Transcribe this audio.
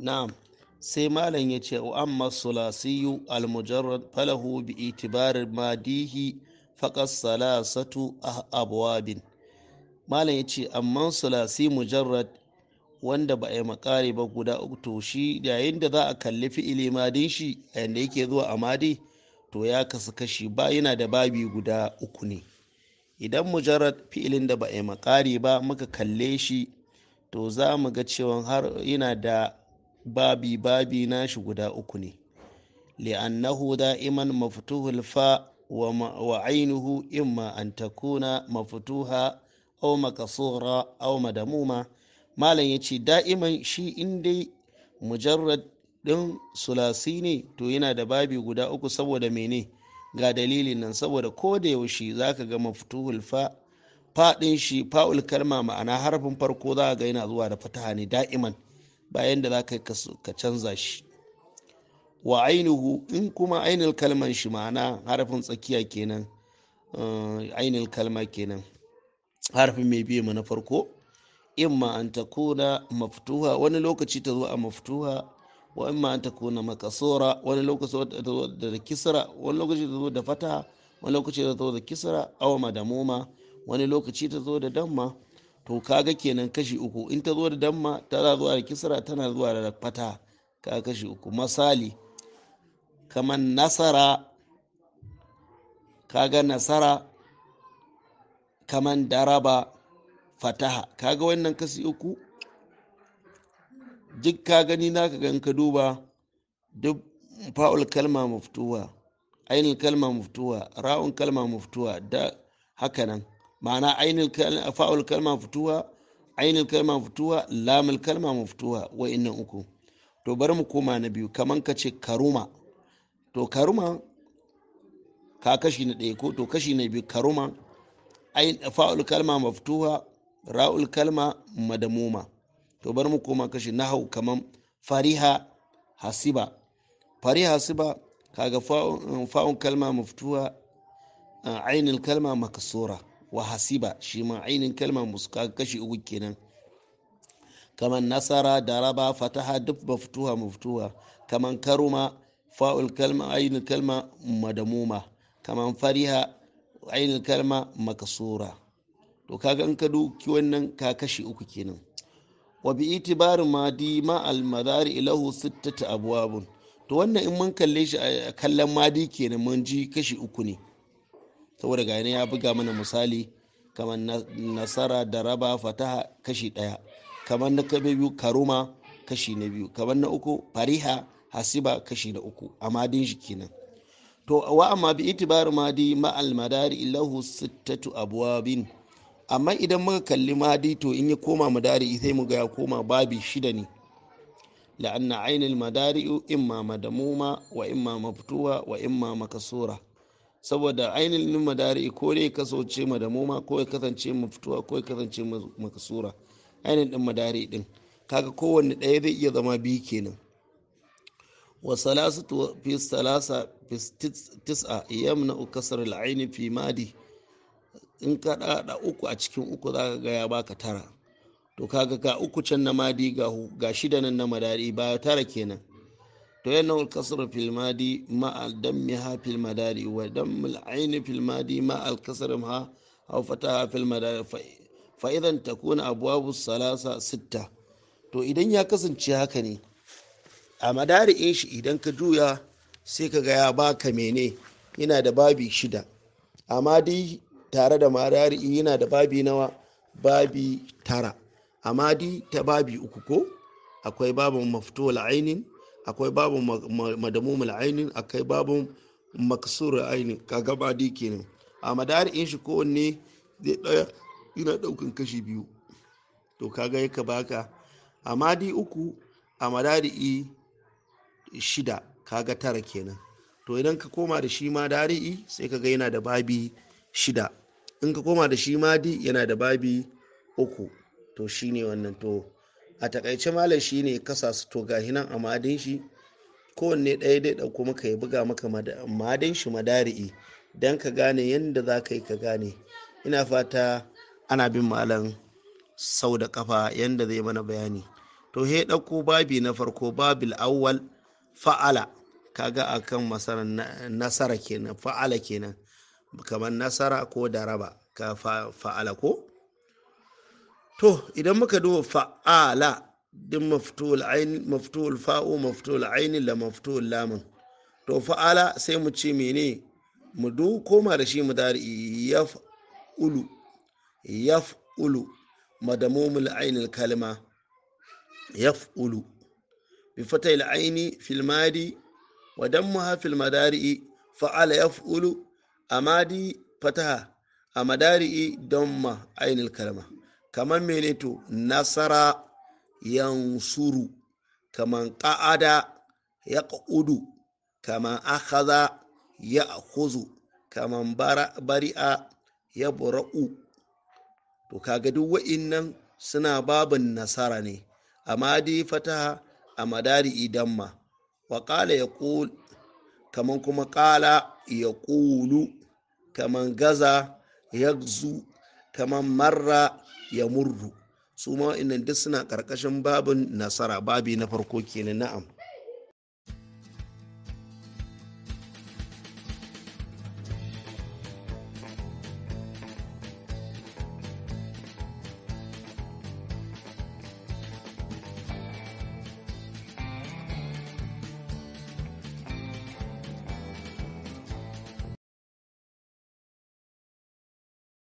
na'am sai malam ya ce wa amma sulasiyu almujarrad falahu bi itibarin madihi faqas salasatu ah, abwabin malam ya ce amma sulasi mujarrad wanda ba a yi makari ba guda uku to shi yayin da za a kalli fi'ili madin shi a yake zuwa a madi to ya kasu kashi ba yana da babi guda uku ne idan mujarrad fi'ilin da ba a yi makari ba muka kalle shi to za mu ga cewa har yana da babi babi nashi guda uku ne li'annahu da'iman maftuhul fa wa ainihu imma an takuna maftuha aw makasura aw madamuma malam yace da'iman shi in dai mujarrad din sulasi ne to yana da babi guda uku saboda mene ga dalilin nan saboda ko da yaushe zaka ga mafutuhul fa faɗin shi fa'ul kalma ma'ana harfin farko za ga yana zuwa da fataha ne da'iman bayan da za ka ka canza shi wa ainihu in kuma ainihin kalman shi ma'ana harafin tsakiya kenan eh, ainihin kalma kenan harafin mai biye ma na farko ma an ta kuna maftuha wani lokaci ta zo a maftuha wa ma an ta kuna makasora wani lokaci ta zo da kisra wani lokaci ta zo da fata, wani lokaci ta zo da kisra awa madamoma wani lokaci ta zo da damma to kaga kenan kashi uku in ta zo da damma tana zuwa da kisra tana zuwa da fata ka kashi uku misali kamar nasara kaga nasara kamar daraba fataha kaga wannan kashi uku duk ka gani na ka gan ka duba duk fa'ul kalma muftuwa ainihin kalma muftuwa ra'un kalma muftuwa da hakanan ma'ana ainul fa'ul kalma fituwa ainul kalma fituwa lamul kalma mafituwa wa'innan uku to bari mu koma na biyu kaman ka ce karuma to karuma ka kashi na ɗaya ko to kashi na biyu karuma ain fa'ul kalma mafituwa ra'ul kalma madamuma to bari mu koma kashi hau kaman fariha hasiba fariha hasiba kaga fa'un kalma mafituwa ainul kalma makasura wa hasiba shi ma ainihin kalmar muska kashi uku kenan kamar nasara daraba fataha duk maftuha maftuha kaman karuma fa'ul kalma ainihin kalma madamuma kamar fariha ainihin kalma makasura to ka gan ka duki wannan ka kashi uku kenan wa bi itibarin madi ma al madari ilahu sittata abwabun to wannan in mun kalle shi a kallon madi kenan mun ji kashi uku ne saboda ga ya buga mana misali kamar nasara da raba fataha kashi ɗaya kamar na biyu karuma kashi na biyu kamar na uku fariha hasiba kashi na uku a madin shi kenan to wa amma bi itibar madi al madari illahu sittatu abwabin amma idan muka kalli madi to in ya koma madari sai mu ga ya koma babi shida ne la'anna ainihin madari imma madamuma wa imma mafutuwa wa imma makasura saboda ainihin madari ko dai kasance madamoma ko ya kasance fituwa ko ya kasance kasura ainihin din madari din kaga kowanne ɗaya zai iya zama biyu kenan wa salasatu fi salasa fi tis'a yamna kasar al'aini fi madi in ka da uku a cikin uku zaka ga ya baka tara to kaga ga uku can na madi ga shida nan na madari ba tara kenan To filmadi ma al المادي ha filmadari wa المداري ودم العين ma al kasar ha مها أو فتحها في المداري ta kuna أبواب salasa sitta to idan ya kasance haka ne a madari in shi idan ka juya sai ka ga ya ka mene yana da babi shida amma dai tare da madari yana da babi nawa babi tara amma dai ta babi uku ko akwai babin maftul ainin akwai babun madamumul ainin akwai babun maksur ainin kaga dike kenan a in shi kowanne zai daya yana daukan kashi biyu to kaga yaka baka a madi uku a madari i shida kaga tara kenan to idan ka koma da shi i sai kaga yana da babi shida in ka koma da shi madi yana da babi uku to shine wannan to a takaice malam shi ne kasa su to gahi nan a madin shi kowanne ɗaya dai ɗauko maka ya buga maka madin shi madari'i don ka gane yadda za ka yi ka gane ina fata ana bin malam sau da kafa yadda zai mana bayani to he ɗauko babi na farko babil awwal fa'ala kaga akan kan nasara kenan fa'ala kenan kamar nasara ko daraba ka fa'ala ko to idan muka duba fa'ala din maftul ain maftul fa'u maftul ain la maftul lamun to fa'ala sai mu ce mene mu du koma da shi mu dari yaf'ulu yaf'ulu madamumul ainil kalma yaf'ulu bi fatai aini fil madi wa dammaha fil madari fa'ala yaf'ulu amadi fataha a madari damma ainil kalma kaman melito nasara nasara suru kaman ƙa'ada ya ƙa'udu kaman akaza ya akuzu kaman bari'a ya bura'u to kaga duk wa'innan suna babin nasara ne amma dai fataha a madari idan ma wa ƙala ya kaman kuma ƙala ya ƙulu kaman gaza ya zu kamar marra ya murdu su ma duk suna ƙarƙashin babin nasara babi na farko kenan na'am